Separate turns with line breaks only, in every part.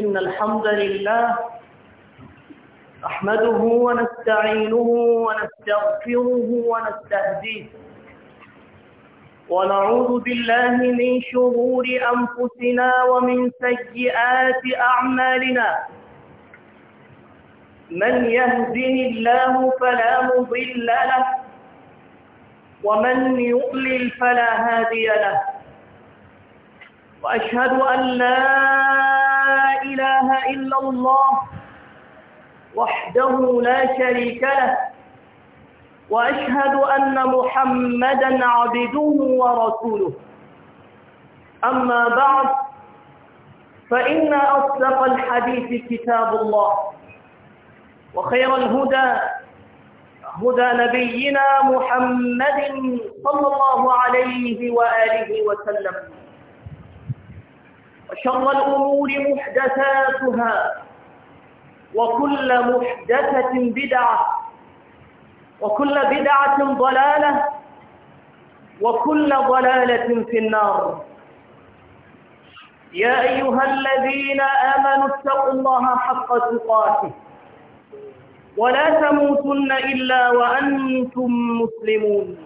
إن الحمد لله نحمده ونستعينه ونستغفره ونستهديه ونعوذ بالله من شرور أنفسنا ومن سيئات أعمالنا من يهده الله فلا مضل له ومن يؤلل فلا هادي له وأشهد أن لا إله إلا الله وحده لا شريك له وأشهد أن محمدا عبده ورسوله أما بعد فإن أصدق الحديث كتاب الله وخير الهدى هدى نبينا محمد صلى الله عليه وآله وسلم وشر الأمور محدثاتها وكل محدثة بدعة وكل بدعة ضلالة وكل ضلالة في النار يا أيها الذين آمنوا اتقوا الله حق تقاته ولا تموتن إلا وأنتم مسلمون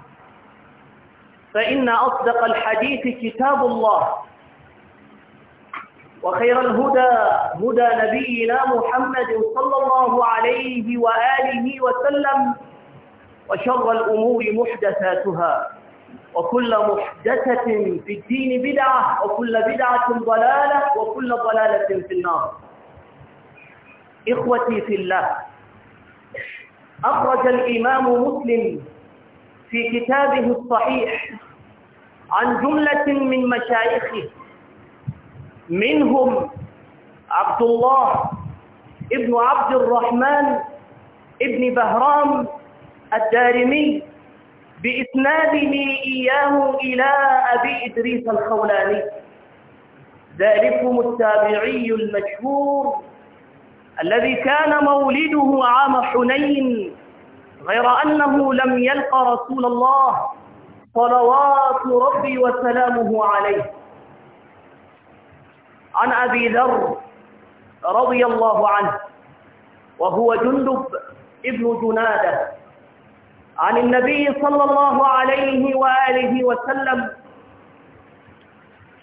فإن أصدق الحديث كتاب الله وخير الهدى هدى نبينا محمد صلى الله عليه وآله وسلم وشر الأمور محدثاتها وكل محدثة في الدين بدعة وكل بدعة ضلالة وكل ضلالة في النار إخوتي في الله أخرج الإمام مسلم في كتابه الصحيح عن جملة من مشايخه منهم عبد الله ابن عبد الرحمن ابن بهرام الدارمي بإسناده إياه إلى أبي إدريس الخولاني ذلكم التابعي المشهور الذي كان مولده عام حنين غير أنه لم يلقى رسول الله صلوات ربي وسلامه عليه عن أبي ذر رضي الله عنه وهو جندب ابن جنادة عن النبي صلى الله عليه وآله وسلم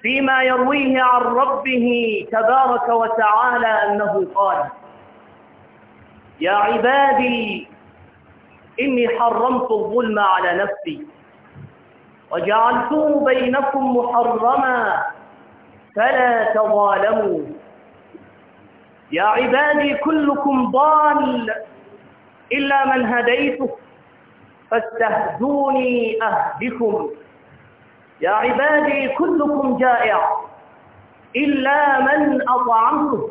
فيما يرويه عن ربه تبارك وتعالى أنه قال يا عبادي إني حرمت الظلم على نفسي وجعلته بينكم محرما فلا تظالموا يا عبادي كلكم ضال إلا من هديته فاستهدوني أهدكم يا عبادي كلكم جائع إلا من أطعمته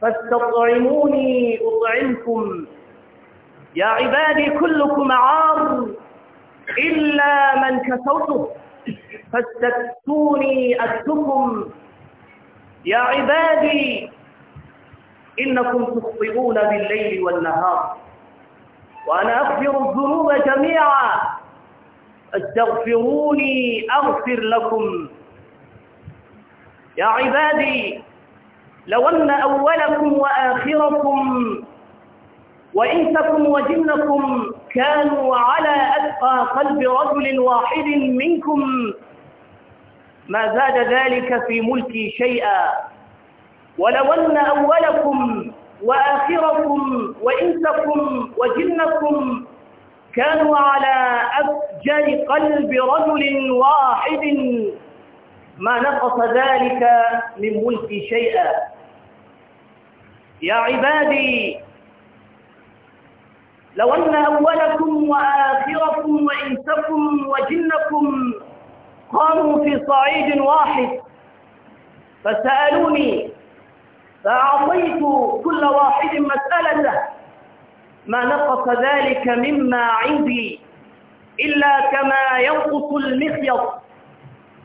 فاستطعموني أطعمكم يا عبادي كلكم عار إلا من كسوته فاستكسوني أكسكم يا عبادي إنكم تخطئون بالليل والنهار وأنا أغفر الذنوب جميعا استغفروني أغفر لكم يا عبادي لو أن أولكم وآخركم وإنسكم وجنكم كانوا على أتقى قلب رجل واحد منكم ما زاد ذلك في ملكي شيئا ولو أن أولكم وآخركم وإنسكم وجنكم كانوا على أفجر قلب رجل واحد ما نقص ذلك من ملكي شيئا يا عبادي لو أن أولكم وآخركم وإنسكم وجنكم قاموا في صعيد واحد فسألوني فأعطيت كل واحد مسألته ما نقص ذلك مما عندي إلا كما ينقص المخيط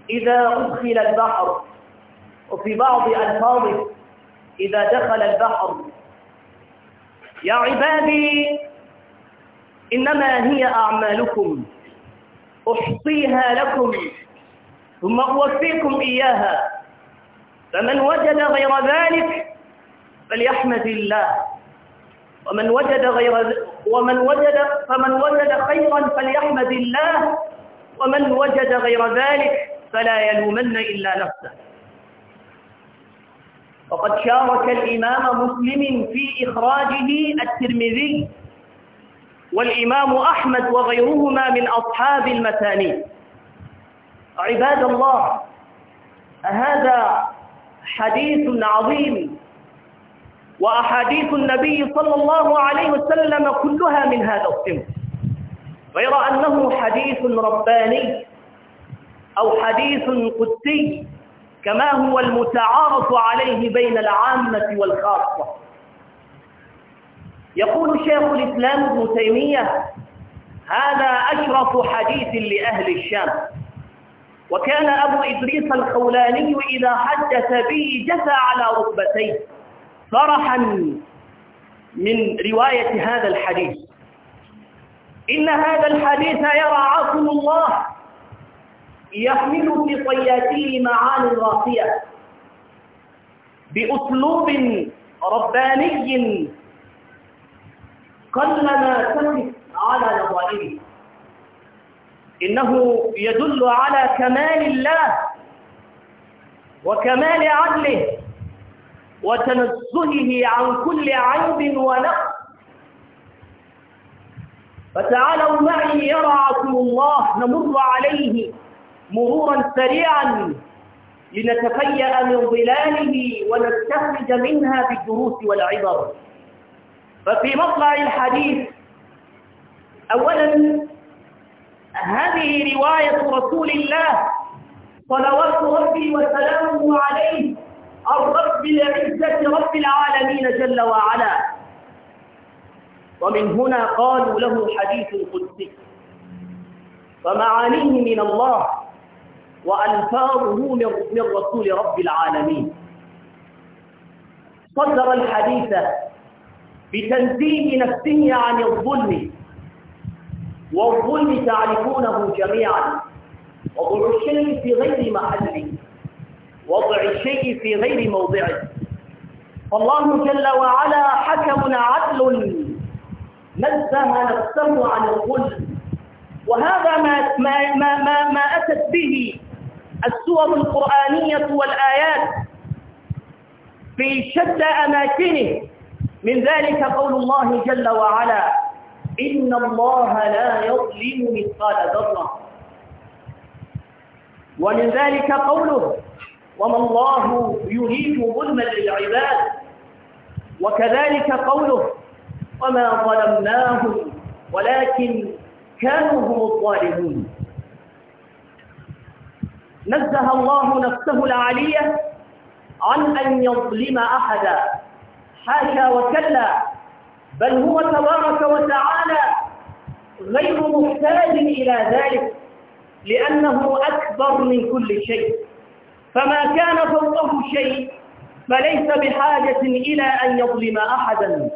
إذا أدخل البحر وفي بعض ألفاظه إذا دخل البحر يا عبادي إنما هي أعمالكم أحصيها لكم ثم أوفيكم إياها فمن وجد غير ذلك فليحمد الله ومن وجد غير ومن وجد فمن وجد خيرا فليحمد الله ومن وجد غير ذلك فلا يلومن إلا نفسه وقد شارك الإمام مسلم في إخراجه الترمذي والإمام أحمد وغيرهما من أصحاب المثاني عباد الله هذا حديث عظيم وأحاديث النبي صلى الله عليه وسلم كلها من هذا الصنف غير أنه حديث رباني أو حديث قدسي كما هو المتعارف عليه بين العامة والخاصة يقول شيخ الإسلام ابن تيمية هذا أشرف حديث لأهل الشام وكان أبو إدريس الخولاني إذا حدث به جثى على ركبتيه فرحا من رواية هذا الحديث إن هذا الحديث يرى عاصم الله يحمل في طياته معاني راقية بأسلوب رباني قلما تقف على نظائره إنه يدل على كمال الله وكمال عدله وتنزهه عن كل عيب ونقص فتعالوا معي يرعكم الله نمر عليه مرورا سريعا لنتفيأ من ظلاله ونستخرج منها بالدروس والعبر ففي مطلع الحديث أولا هذه رواية رسول الله صلوات ربي وسلامه عليه الرب العزة رب العالمين جل وعلا ومن هنا قالوا له حديث القدسي فمعانيه من الله وألفاظه من رسول رب العالمين صدر الحديث بتنزيه نفسه عن الظلم والظلم تعرفونه جميعا وضع الشيء في غير محله وضع الشيء في غير موضعه فالله جل وعلا حكم عدل نزه نفسه عن الظلم وهذا ما ما ما ما, ما اتت به السور القرانيه والايات في شتى اماكنه من ذلك قول الله جل وعلا إن الله لا يظلم مثقال ذرة ومن ذلك قوله وما الله يريد ظلما للعباد وكذلك قوله وما ظلمناهم ولكن كانوا هم الظالمون نزه الله نفسه العليه عن أن يظلم أحدا حاشا وكلا بل هو تبارك وتعالى غير محتاج إلى ذلك لأنه أكبر من كل شيء فما كان فوقه شيء فليس بحاجة إلى أن يظلم أحدا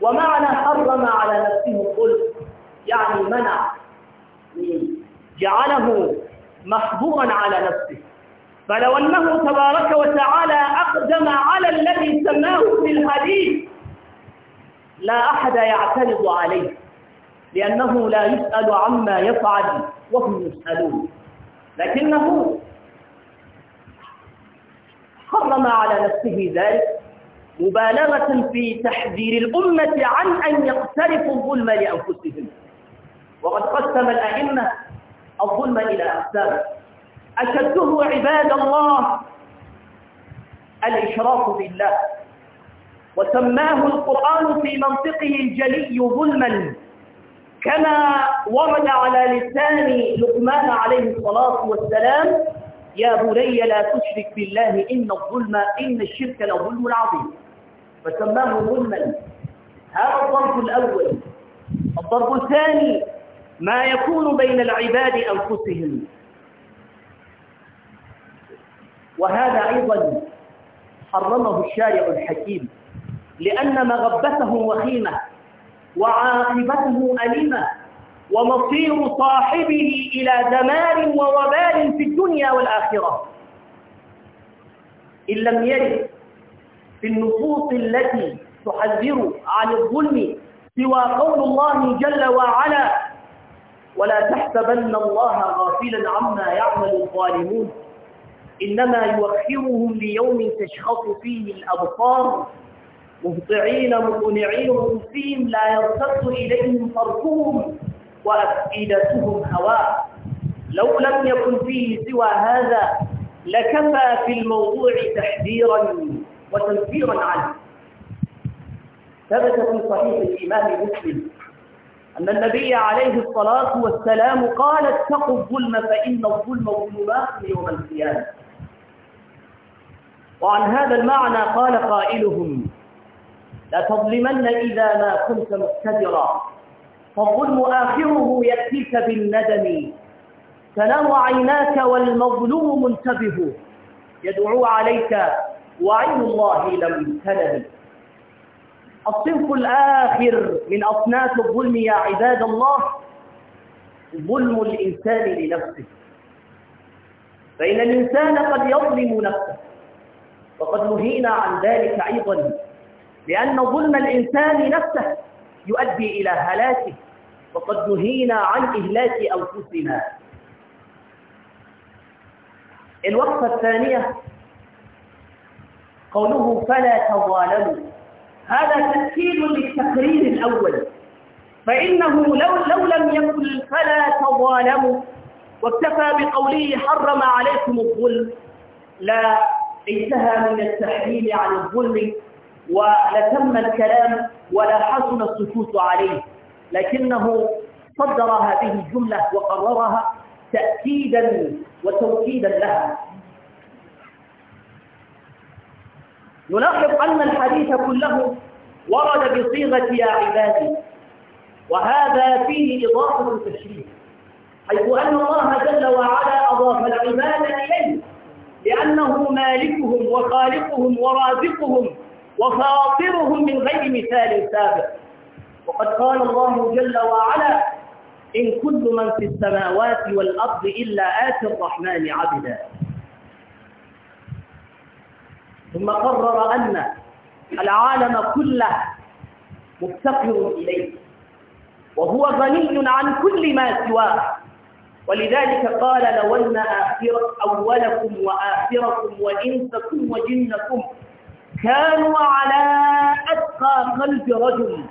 ومعنى حرم على نفسه الظلم يعني منع جعله محظورا على نفسه فلو أنه تبارك وتعالى أقدم على الذي سماه في الحديث لا أحد يعترض عليه لأنه لا يسأل عما يفعل وهم يسألون لكنه حرم على نفسه ذلك مبالغة في تحذير الأمة عن أن يقترفوا الظلم لأنفسهم وقد قسم الأئمة الظلم إلى أقسام أشده عباد الله الإشراك بالله وسماه القرآن في منطقه الجلي ظلما كما ورد على لسان لقمان عليه الصلاة والسلام يا بني لا تشرك بالله إن الظلم إن الشرك لظلم عظيم فسماه ظلما هذا الضرب الأول الضرب الثاني ما يكون بين العباد أنفسهم وهذا أيضا حرمه الشارع الحكيم لأن مغبته وخيمة وعاقبته أليمة ومصير صاحبه إلى دمار ووبال في الدنيا والآخرة إن لم يرد في النصوص التي تحذر عن الظلم سوى قول الله جل وعلا ولا تحسبن الله غافلا عما يعمل الظالمون إنما يوخرهم ليوم تشخص فيه الأبصار مهطعين مقنعين فيهم لا يرتد إليهم طرفهم وأفئدتهم هواء لو لم يكن فيه سوى هذا لكفى في الموضوع تحذيرا وتنفيرا عنه ثبت في صحيح الإمام مسلم أن النبي عليه الصلاة والسلام قال اتقوا الظلم فإن الظلم ظلمات يوم القيامة وعن هذا المعنى قال قائلهم لا تظلمن إذا ما كنت مقتدرا فالظلم آخره يأتيك بالندم تنام عيناك والمظلوم منتبه يدعو عليك وعين الله لم تنم الصنف الآخر من أصناف الظلم يا عباد الله ظلم الإنسان لنفسه فإن الإنسان قد يظلم نفسه وقد نهينا عن ذلك أيضا لأن ظلم الإنسان نفسه يؤدي إلى هلاكه وقد نهينا عن إهلاك أنفسنا الوقفة الثانية قوله فلا تظالموا هذا تأكيد للتقرير الأول فإنه لو, لو لم يكن فلا تظالموا واكتفى بقوله حرم عليكم الظلم لا انتهى من التحليل عن الظلم ولتم الكلام ولا حسن السكوت عليه لكنه صدر هذه الجملة وقررها تأكيدا وتوكيدا لها نلاحظ أن الحديث كله ورد بصيغة يا عبادي وهذا فيه إضافة تشريف حيث أن الله جل وعلا أضاف العباد إليه لأنه مالكهم وخالقهم ورازقهم وفاطرهم من غير مثال سابق وقد قال الله جل وعلا إن كل من في السماوات والأرض إلا آتي الرحمن عبدا ثم قرر أن العالم كله مفتقر إليه وهو غني عن كل ما سواه ولذلك قال لو أن أولكم وآخركم وإنسكم وجنكم كانوا على أتقى قلب رجل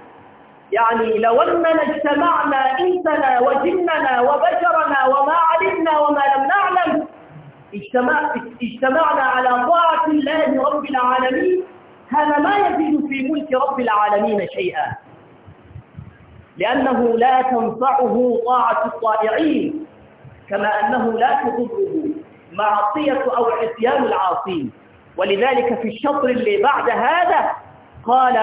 يعني لو أننا اجتمعنا إنسنا وجننا وبشرنا وما علمنا وما لم نعلم اجتمع اجتمعنا على طاعة الله رب العالمين هذا ما يزيد في ملك رب العالمين شيئا لأنه لا تنفعه طاعة الطائعين كما أنه لا تضره معصية أو عصيان العاصين ولذلك في الشطر اللي بعد هذا قال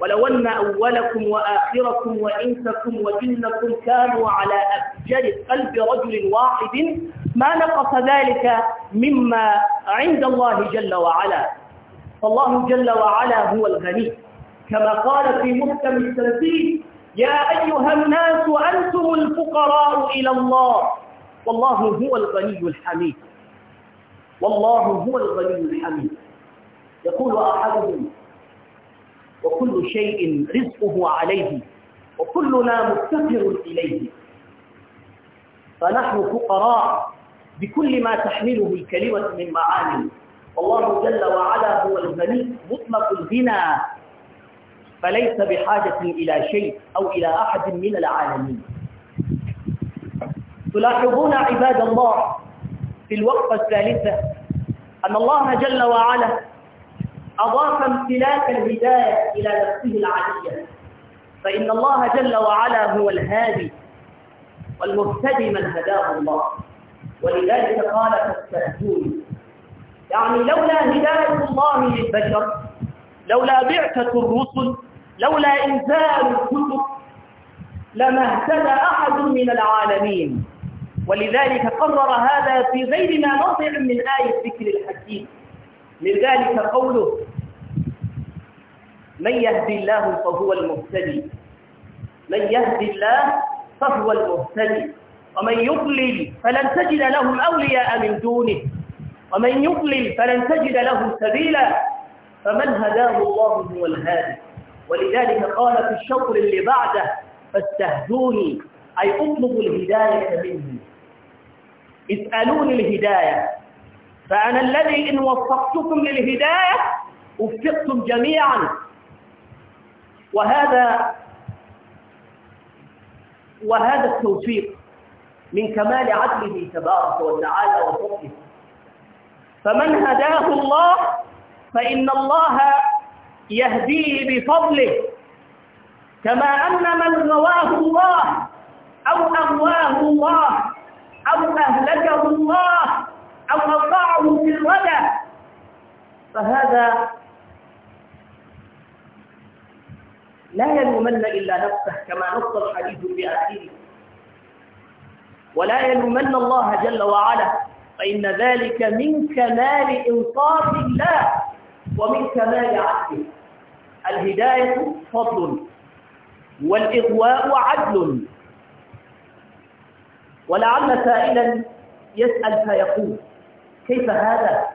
ولو أن أولكم وآخركم وإنسكم وجنكم كانوا على أفجر قلب رجل واحد ما نقص ذلك مما عند الله جل وعلا فالله جل وعلا هو الغني كما قال في محكم التنفيذ يا أيها الناس أنتم الفقراء إلى الله والله هو الغني الحميد والله هو الغني الحميد يقول أحدهم وكل شيء رزقه عليه وكلنا مفتقر إليه فنحن فقراء بكل ما تحمله الكلمة من معاني والله جل وعلا هو الغني مطلق الغنى فليس بحاجة إلى شيء أو إلى أحد من العالمين تلاحظون عباد الله في الوقفة الثالثة أن الله جل وعلا أضاف امتلاك الهداية إلى نفسه العادية فإن الله جل وعلا هو الهادي والمهتدي من هداه الله ولذلك قال فاستهدون يعني لولا هداية الله للبشر لولا بعثة الرسل لولا إنزال الكتب لما اهتدى أحد من العالمين ولذلك قرر هذا في غير ما موضع من آية ذكر الحكيم لذلك قوله من يهدي الله فهو المهتدي من يهدي الله فهو المهتدي ومن يضلل فلن تجد لهم أولياء من دونه ومن يضلل فلن تجد له سبيلا فمن هداه الله هو الهادي ولذلك قال في الشطر اللي بعده فاستهدوني أي اطلبوا الهداية مني اسألوني الهداية فأنا الذي إن وفقتكم للهداية وفقتم جميعا وهذا وهذا التوفيق من كمال عدله تبارك وتعالى وفقه فمن هداه الله فإن الله يهديه بفضله كما أن من غواه الله أو أغواه الله أو أهلكه الله أو أوقعه في الردى فهذا لا يلومن إلا نفسه كما نص الحديث في آخره ولا يلومن الله جل وعلا فإن ذلك من كمال إنصاف الله ومن كمال عدله الهداية فضل والإغواء عدل ولعل سائلا يسأل فيقول كيف هذا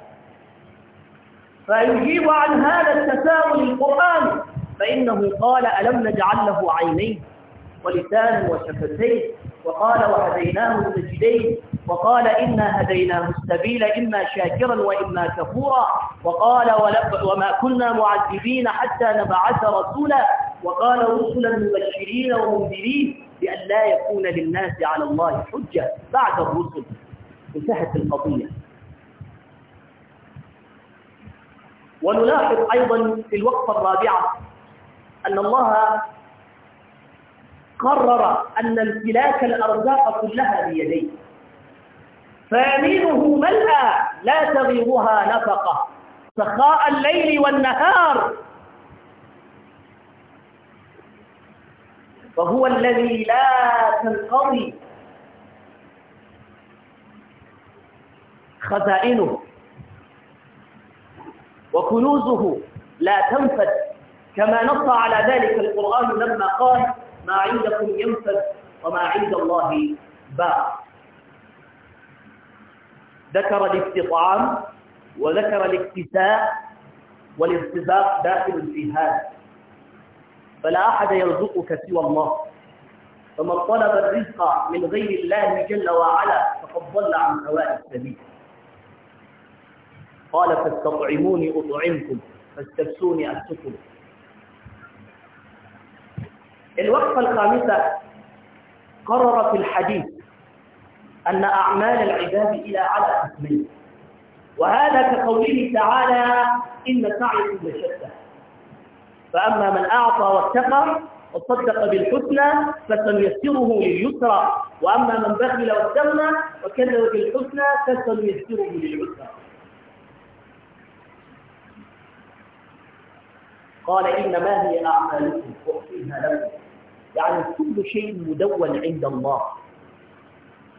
فيجيب عن هذا التساؤل القرآن فإنه قال ألم نجعل له عينين ولسان وشفتين وقال وهديناه السجدين وقال إنا هديناه السبيل إما شاكرا وإما كفورا وقال وما كنا معذبين حتى نبعث رسولا وقال رسلا مبشرين ومنذرين بأن لا يكون للناس على الله حجة بعد الرسل انتهت القضية ونلاحظ أيضا في الوقفة الرابعة أن الله قرر أن امتلاك الأرزاق كلها بيديه فيمينه ملأى لا تغيرها نفقة سخاء الليل والنهار فهو الذي لا تنقضي خزائنه وكنوزه لا تنفد كما نص على ذلك القرآن لما قال ما عندكم ينفد وما عند الله باق ذكر الاستطعام وذكر الاكتساء والاستباق داخل في هذا فلا أحد يرزقك سوى الله فمن طلب الرزق من غير الله جل وعلا فقد ضل عن سواء السبيل قال فاستطعموني أطعمكم فاستبسوني أبسكم الوقفة الخامسة قرر في الحديث أن أعمال العباد إلى على قسمين وهذا كقوله تعالى إن سعيكم لشتى فأما من أعطى واتقى وصدق بالحسنى فسنيسره لليسرى وأما من بخل واستغنى وكذب بالحسنى فسنيسره لليسرى قال إنما هي أعمالكم أحصيها لكم يعني كل شيء مدون عند الله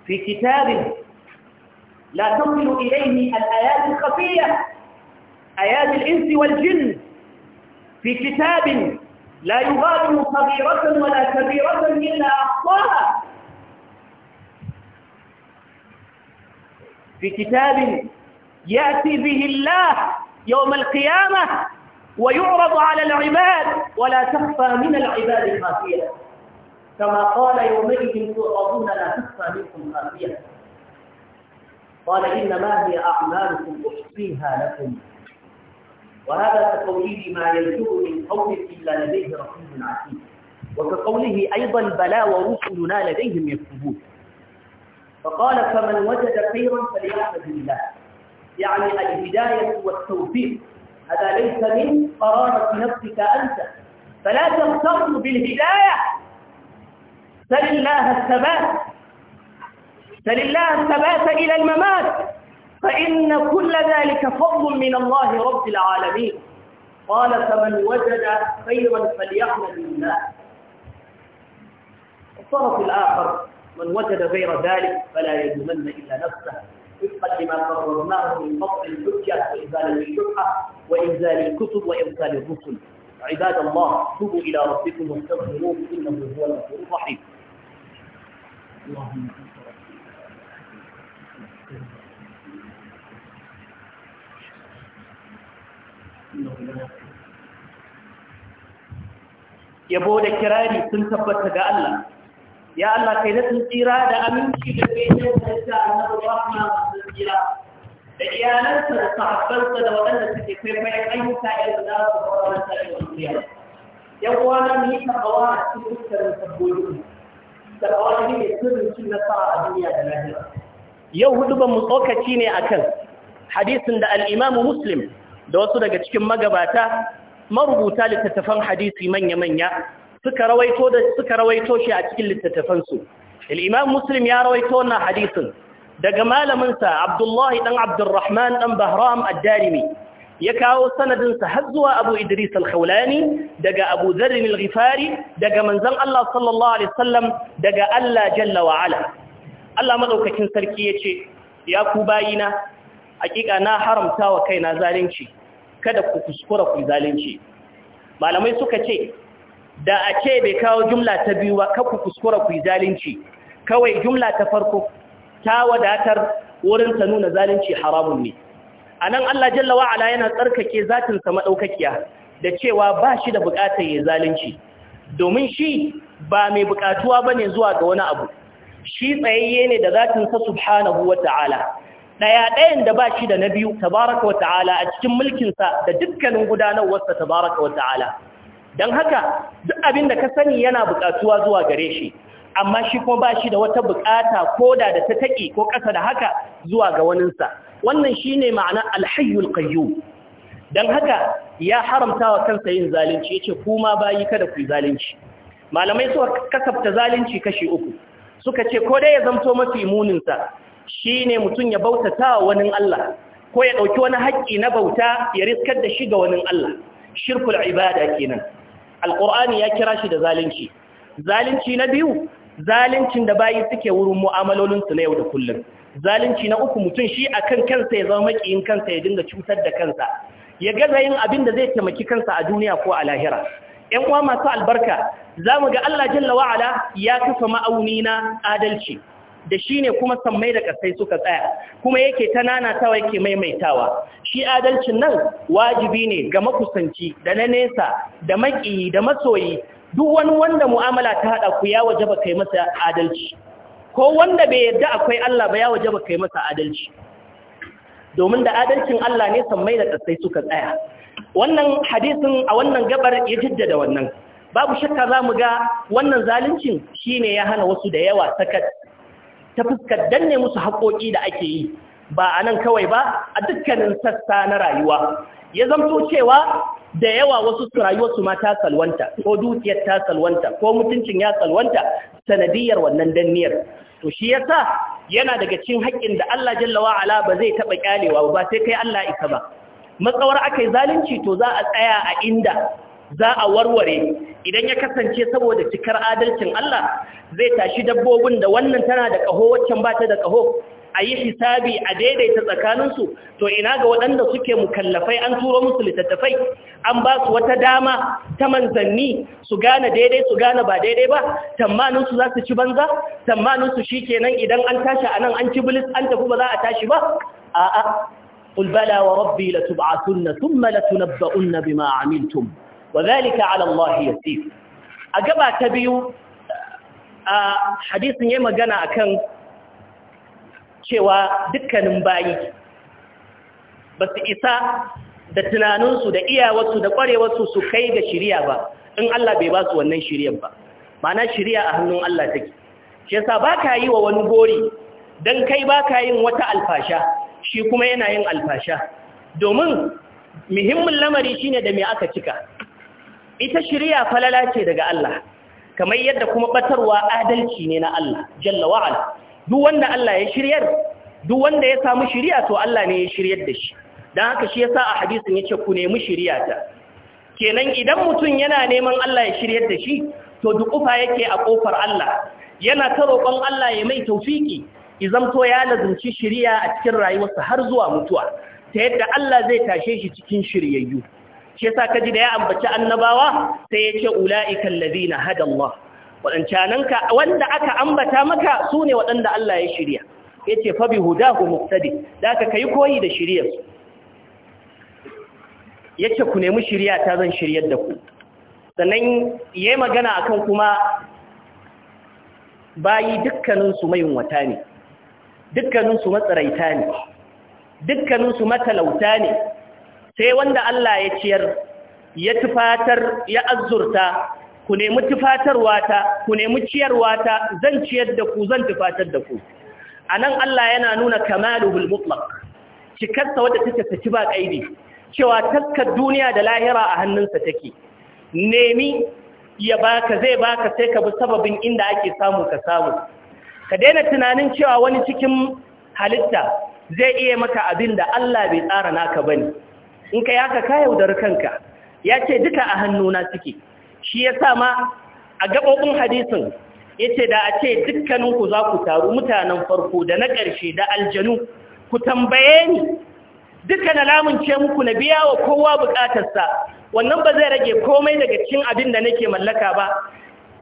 في كتاب لا تصل إليه الآيات الخفية آيات الإنس والجن في كتاب لا يغادر صغيرة ولا كبيرة إلا أحصاها في كتاب يأتي به الله يوم القيامة ويعرض على العباد ولا تخفى من العباد خافية كما قال يومئذ تعرضون لا تخفى منكم خافية قال إنما هي أعمالكم أحصيها لكم وهذا كقوله ما يلجوء من قوم إلا لديه رقيب عتيد وكقوله أيضا بلا ورسلنا لديهم يكتبون فقال فمن وجد خيرا فليحمد الله يعني الهداية والتوفيق هذا ليس من قرارة نفسك أنت فلا تغتر بالهداية سل الله الثبات سل الله الثبات إلى الممات فإن كل ذلك فضل من الله رب العالمين قال فمن وجد خيرا فليحمد الله الطرف الآخر من وجد غير ذلك فلا يلومن إلا نفسه وفقا لما قررناه من فضل الحجة وإنزال الشبحة وإنزال الكتب وإرسال الرسل عباد الله توبوا إلى ربكم واستغفروه إنه هو الغفور الرحيم اللهم yabo da kirari sun tabbata ga Allah ya Allah kai da tsira da aminci da kai da tsira annabi rahman tsira da iyalansa da sa da waɗanda suke kwaikwayon ayyuka irin da su fara ta yi wasiya yan uwa na mu yi tabawa a cikin ta sabbobi Da ne ne sirrin na nasara a duniya da lahira yau hudu ban mu tsokaci ne akan hadisin da al-imamu muslim da wasu daga cikin magabata marubuta littattafan hadisi manya-manya suka rawaito shi a cikin littattafansu. su imam Muslim ya rawaito wannan hadisin daga malamin sa ɗan dan ɗan Bahram ad ya kawo sanadin sa har zuwa Abu Idris al-Khawlani daga Abu Dharr al-Ghifari daga manzon Allah sallallahu alaihi wasallam daga Allah jalla wa ala Allah madaukakin sarki yace ya ku bayina hakika na haramta wa kaina zalunci kada ku kuskura ku zalunci malamai suka ce da a ce bai kawo jumla ta biyu ba ku kuskura ku zalunci kawai jumla ta farko ta wadatar wurin ta nuna zalunci haramun ne anan Allah jalla wa ala yana tsarkake zatin sa madaukakiya da cewa ba shi da bukatar ya zalunci domin shi ba mai bukatuwa bane zuwa ga wani abu shi tsayayye ne da zatin sa subhanahu wataala daya ɗayan da ba shi da na biyu tabaraka wa ta'ala a cikin mulkinsa da dukkanin gudanarwarsa tabaraka wa ta'ala don haka duk abin da ka sani yana bukatuwa zuwa gare shi amma shi kuma ba shi da wata bukata ko da da ta taƙi ko ƙasa da haka zuwa ga waninsa wannan shi ne ma'ana alhayyul qayyum don haka ya haramta wa kansa yin zalunci ya ce kuma bayi kada ku yi zalunci malamai suka kasafta zalunci kashi uku suka ce ko dai ya zamto mafi muninsa Shi ne mutum ya bautata wa wani Allah ko ya ɗauki wani haƙƙi na bauta ya riskar da shiga wani Allah shirkul ibada kenan Alƙur'ani ya kira shi da zalunci zalunci na biyu zaluncin da bayi suke wurin mu'amalolinsu na yau da kullum zalunci na uku mutum shi akan kansa ya zama makiyin kansa ya dinga cutar da kansa ya gaza yin abin da zai taimaki kansa a duniya ko a lahira ‘yan uwa masu albarka za mu ga Allah jalla wa'ala ya kafa ma'auni na adalci da shi ne kuma sammai da ƙasai suka tsaya kuma yake ta nanatawa yake maimaitawa shi adalcin nan wajibi ne ga makusanci da na nesa da maƙiyi da masoyi duk wani wanda mu'amala ta haɗa ku ya waje ba kai masa adalci ko wanda bai yarda akwai Allah ba ya waje ba kai masa adalci domin da adalcin Allah ne sammai da ƙasai suka tsaya wannan hadisin a wannan gabar ya jaddada wannan babu shakka za mu ga wannan zaluncin shi ne ya hana wasu da yawa sakat ta fuskar danne musu haƙoƙi da ake yi ba a nan kawai ba a dukkanin sassa na rayuwa ya zamto cewa da yawa wasu rayuwarsu ma ta salwanta ko dukiyar ta salwanta ko mutuncin ya salwanta sanadiyar wannan danniyar to shi yasa yana daga cikin haƙƙin da Allah jalla wa ala ba zai taɓa kyalewa ba sai kai Allah isa ba matsawar akai zalunci to za a tsaya a inda za a warware idan ya kasance saboda cikar adalcin Allah zai tashi dabbobin da wannan tana da ƙaho waccan ba ta da ƙaho a yi hisabi a daidaita tsakaninsu to ina ga waɗanda suke mukallafai an turo musu littattafai an ba su wata dama ta manzanni su gane daidai su gane ba daidai ba tammaninsu za su ci banza tammaninsu shi kenan idan an tashi a nan an ci bilis an tafi ba za a tashi ba a'a قل بلى وربي لتبعثن ثم لتنبؤن بما عملتم wa zalika ala Allah a gaba ta biyu a hadisin yayi magana akan cewa dukkanin bayi ba isa da tunaninsu da iyawarsu da ƙwarewarsu su kai ga shirya ba in Allah bai basu wannan shiryar ba ma'ana shirya a hannun Allah take shi yasa ba yi wa wani gori don kai baka yin wata alfasha shi kuma yana yin alfasha domin muhimmin lamari shine da me aka cika ita shirya falala ce daga Allah kamar yadda kuma batarwa adalci ne na Allah jalla wa'ala duk wanda Allah ya shiryar duk wanda ya samu shirya to Allah ne ya shiryar da shi dan haka shi yasa a hadisin yace ku nemi shirya ta kenan idan mutum yana neman Allah ya shiryar da shi to duk dukufa yake a kofar Allah yana ta roƙon Allah ya mai taufiki to ya lazumci shirya a cikin rayuwarsa har zuwa mutuwa ta yadda Allah zai tashe shi cikin shiryayyu shi yasa kaji da ya ambaci annabawa sai yace ulaika allazina hada Allah wadancananka wanda aka ambata maka sune wadanda Allah ya shirya yace fa bi hudahu muqtadi daka kai koyi da shiriyar yace ku nemi shiriya ta zan shiryar da ku sannan yayi magana akan kuma bayi dukkanin su mayunwata ne dukkanin su matsaraita ne dukkanin su matalauta ne sai wanda Allah ya ciyar ya tufatar ya azurta ku nemi tufatarwa ta ku nemi ciyarwa ta zan ciyar da ku zan tufatar da ku anan Allah yana nuna kamaluhul mutlaq cikarsa wadda take saki ba kaidi cewa takkar duniya da lahira a hannunsa take nemi ya baka zai baka sai ka bi sababin inda ake samu ka samu ka daina tunanin cewa wani cikin halitta zai iya maka abin da Allah bai tsara naka bane in ka yaka ka yaudar kanka ya ce duka a hannuna suke shi ya sa ma a gaɓoɓin hadisin ya ce da a ce dukkaninku za ku taru mutanen farko da na ƙarshe da aljanu ku tambaye ni duka na lamunce muku na biya wa kowa buƙatarsa wannan ba zai rage komai daga cikin abin da nake mallaka ba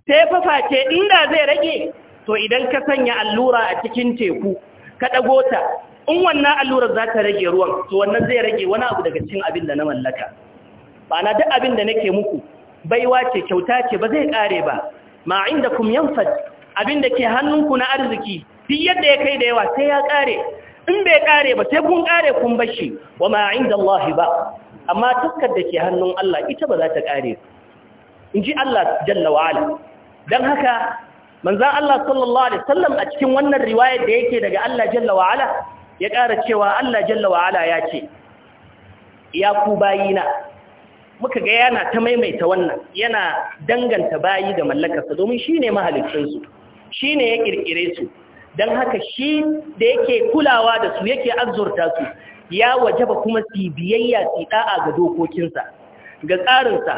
sai faface inda zai rage to idan ka sanya allura a cikin teku ka ɗago ta in wannan allurar za ta rage ruwan to wannan zai rage wani abu daga cikin abin da na mallaka ba na duk abin da nake muku baiwa ce kyauta ce ba zai kare ba ma inda kum yanfad abin da ke hannunku na arziki duk yadda ya kai da yawa sai ya kare in bai kare ba sai kun kare kun bashi wa ma inda Allah ba amma tukkar da ke hannun Allah ita ba za ta kare in ji Allah jalla wa ala dan haka manzon Allah sallallahu alaihi wasallam a cikin wannan riwayar da yake daga Allah jalla wa ala ya ƙara cewa Allah jalla wa'ala ya ce ya ku bayina muka ga yana ta maimaita wannan yana danganta bayi da mallakarsa domin shi ne mahalicinsu shi ne ya ƙirƙire su don haka shi da yake kulawa da su yake azurta su ya waje ba kuma si biyayya su ɗa'a ga dokokinsa ga tsarinsa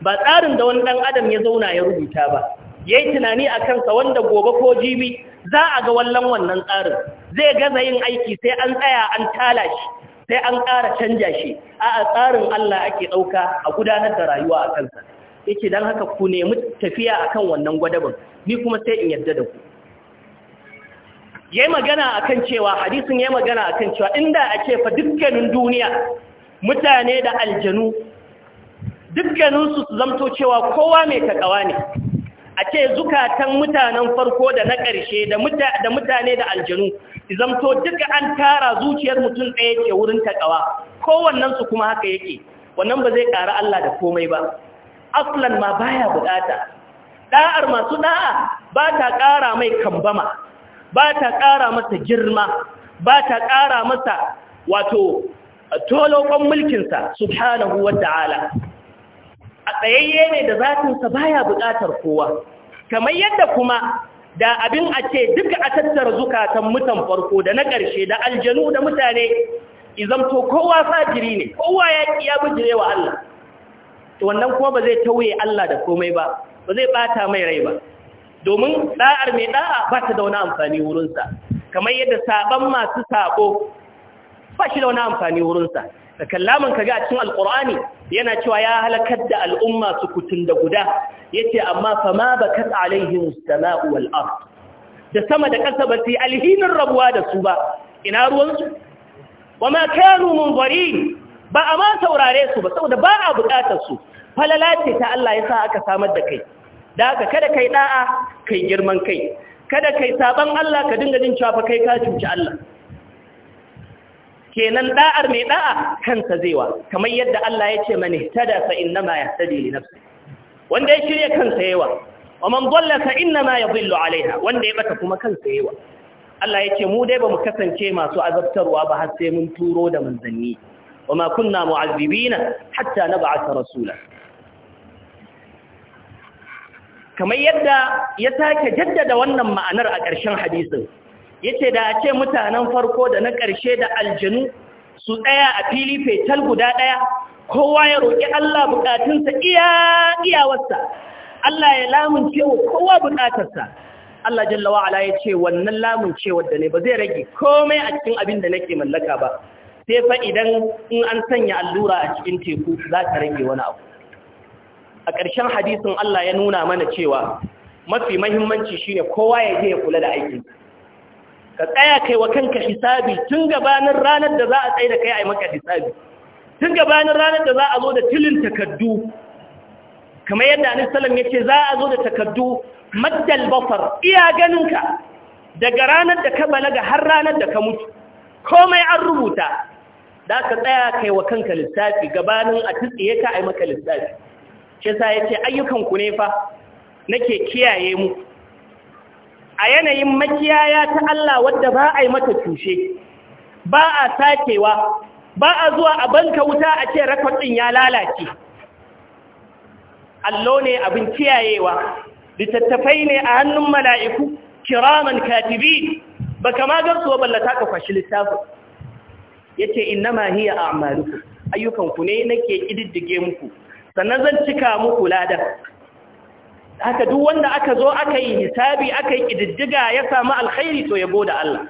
ba tsarin da wani ɗan adam ya zauna ya rubuta ba Yi tunani a kansa wanda gobe ko jibi za a ga wallan wannan tsarin zai gaza yin aiki sai an tsaya an tala shi sai an ƙara canja shi a tsarin Allah ake ɗauka a gudanar da rayuwa a kansa yake don haka ku nemi tafiya akan wannan gwadabin ni kuma sai in yadda da ku yayi magana a kan cewa hadisin yai magana a kan cewa inda ake fa dukkanin duniya mutane da aljanu dukkaninsu su zamto cewa kowa mai takawa ne a ce zukatan mutanen farko da na ƙarshe da mutane da aljanu zamto duka an tara zuciyar mutum ɗaya ke wurin takawa su kuma haka yake wannan ba zai ƙara Allah da komai ba aslan ma baya buƙata ɗa'ar masu ɗa'a ba ta ƙara mai kambama ba ta ƙara masa girma ba ta ƙara masa wato tolokon mulkinsa subhanahu wa ta'ala a tsayayye ne da zatinsa baya buƙatar kowa kamar yadda kuma da abin a ce duka a tattara zukatan mutan farko da na ƙarshe da aljanu da mutane izamto kowa fajiri ne kowa ya ya bujire wa Allah to wannan kuma ba zai tauye Allah da komai ba ba zai bata mai rai ba domin da'ar mai da'a ba ta da wani amfani wurinsa kamar yadda saban masu saɓo ba shi da amfani wurinsa da kallaman kaga a cikin alkur'ani yana cewa ya halakar da al'umma su kutun da guda yace amma fa ma bakat alaihim as-sama'u da sama da ƙasa ba su yi alhinin rabuwa da su ba ina ruwansu wa ma kanu munzari ba a ma saurare su ba saboda ba a buƙatar su falala ce ta Allah ya sa aka samar da kai da aka kada kai ɗa'a kai girman kai kada kai saban Allah ka dinga jin cewa fa kai ka cuci Allah kenan da'ar mai da'a kansa zaiwa kamar yadda Allah ya ce man ihtada fa innama yahtadi li nafsi wanda ya shirya kansa yawa wa man dalla fa innama yadhillu alaiha wanda ya bata kuma kansa yawa Allah ya ce mu dai bamu kasance masu azabtarwa ba har sai mun turo da manzanni wa ma kunna mu'azzibina hatta nab'atha rasula kamar yadda ya take jaddada wannan ma'anar a ƙarshen hadisin yace da a ce mutanen farko da na ƙarshe da aljanu su ɗaya a fili fetal guda ɗaya kowa ya roƙi Allah buƙatunsa iya iyawarsa Allah ya lamunce wa kowa buƙatarsa Allah jalla wa ala yace wannan lamunce da ne ba zai rage komai a cikin abin da nake mallaka ba sai fa idan in an sanya allura a cikin teku za ta rage wani abu a ƙarshen hadisin Allah ya nuna mana cewa mafi mahimmanci shine kowa ya je ya kula da aikinsa ka tsaya kai wa kanka hisabi tun gabanin ranar da za a tsaye da kai a yi maka hisabi tun gabanin ranar da za a zo da tilin takaddu kamar yadda anis salam ya ce za a zo da takaddu maddal bafar iya ganinka daga ranar da ka balaga har ranar da ka mutu komai an rubuta da ka tsaya kai wa kanka lissafi gabanin a tsaye ka a yi maka lissafi shi sa ya ce ayyukanku ne fa nake kiyaye mu a yanayin makiyaya ta Allah wadda ba a yi mata tushe, ba a sakewa ba a zuwa a banka wuta a ce rakwatsin ya lalace allo ne abin kiyayewa littattafai ne a hannun mala'iku kiraman katibi ba kama wa ballata ka kwashi littafin ya ce inna ma hiya a amaluku ayyukanku ne nake ƙididdige muku sannan zan cika muku ladar haka duk wanda aka zo aka yi hisabi aka yi ƙididdiga ya samu alkhairi to ya goda Allah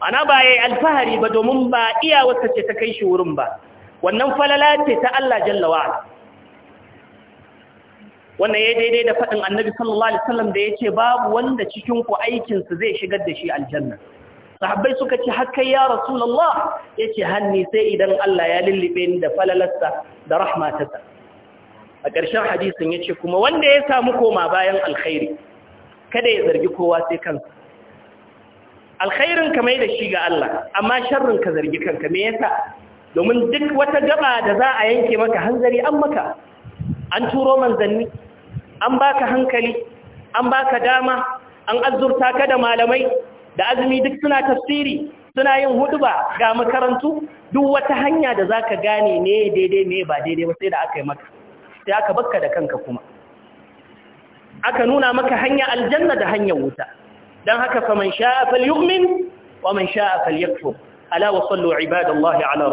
ana ba ya yi alfahari ba domin ba iya wata ce ta kai shi wurin ba wannan falala ce ta Allah jallawa wannan ya daidai da faɗin annabi sallallahu alaihi wasallam da ya ce babu wanda cikin ku aikinsa zai shigar da shi aljanna sahabbai suka ce haka ya rasulullah ya hanni sai idan Allah ya lulluɓe ni da falalarsa da rahmatarsa a ƙarshen hadisin ya ce kuma wanda ya samu koma bayan alkhairi kada ya zargi kowa sai kansa alkhairin ka mai da shi ga Allah amma sharrin ka zargi kanka me yasa domin duk wata gaba da za a yanke maka hanzari an maka an turo manzanni an baka hankali an baka dama an azurta ka da malamai da azumi duk suna tafsiri suna yin huduba ga makarantu duk wata hanya da zaka gane ne daidai ne ba daidai ba sai da aka yi maka sai aka bakka da kanka kuma
aka nuna maka hanya aljanna da hanyar
wuta dan haka faman sha'a falyu'min wa man sha'a falyakfur ala wa sallu ibadallahi ala